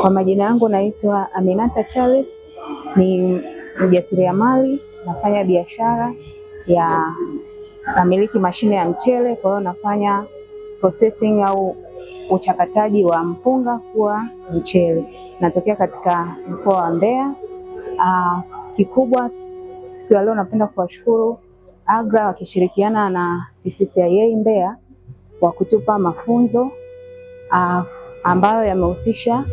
Kwa majina yangu naitwa Aminata Charles, ni mjasiriamali, nafanya biashara ya namiliki mashine ya mchele, kwa hiyo nafanya processing au uchakataji wa mpunga kuwa mchele. Natokea katika mkoa wa Mbeya. Uh, kikubwa siku ya leo napenda kuwashukuru AGRA wakishirikiana na TCCIA Mbeya kwa kutupa mafunzo uh, ambayo yamehusisha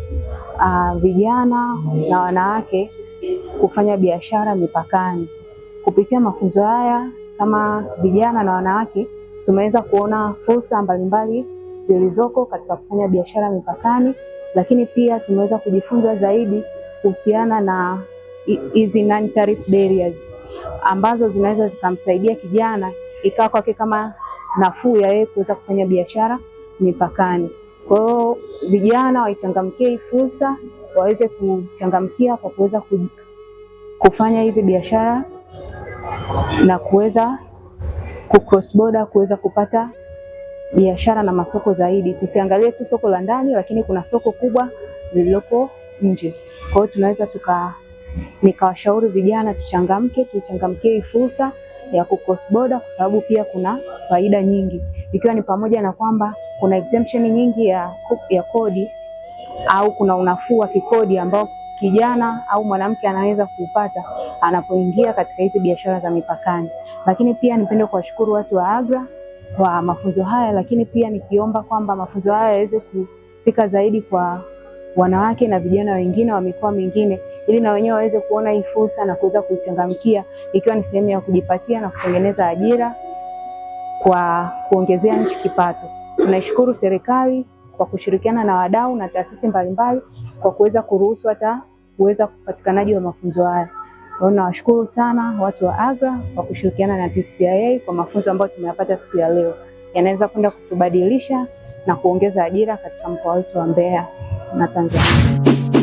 uh, vijana na wanawake kufanya biashara mipakani. Kupitia mafunzo haya kama vijana na wanawake tumeweza kuona fursa mbalimbali zilizoko katika kufanya biashara mipakani, lakini pia tumeweza kujifunza zaidi kuhusiana na hizi non tariff barriers ambazo zinaweza zikamsaidia kijana ikawa kwake kama nafuu ya yeye kuweza kufanya biashara mipakani. Kwa hiyo vijana waichangamkie hii fursa, waweze kuchangamkia kwa kuweza kufanya hizi biashara na kuweza kucross border, kuweza kupata biashara na masoko zaidi. Tusiangalie tu soko la ndani, lakini kuna soko kubwa lililoko nje. Kwa hiyo tunaweza tuka nikawashauri vijana tuchangamke, tuichangamkie hii fursa ya kucross border, kwa sababu pia kuna faida nyingi, ikiwa ni pamoja na kwamba kuna exemption nyingi ya, ya kodi au kuna unafuu wa kikodi ambao kijana au mwanamke anaweza kuupata anapoingia katika hizi biashara za mipakani. Lakini pia nipende kuwashukuru watu wa AGRA kwa mafunzo haya, lakini pia nikiomba kwamba mafunzo haya yaweze kufika zaidi kwa wanawake na vijana wengine wa mikoa mingine ili na wenyewe waweze kuona hii fursa na kuweza kuichangamkia, ikiwa ni sehemu ya kujipatia na kutengeneza ajira kwa kuongezea nchi kipato. Tunaishukuru serikali kwa kushirikiana na wadau na taasisi mbalimbali kwa kuweza kuruhusu hata kuweza upatikanaji wa mafunzo haya. Kwa hiyo nawashukuru sana watu wa AGRA kwa kushirikiana na TCCIA kwa mafunzo ambayo tumeyapata siku ya leo, yanaweza kwenda kutubadilisha na kuongeza ajira katika mkoa wetu wa Mbeya na Tanzania.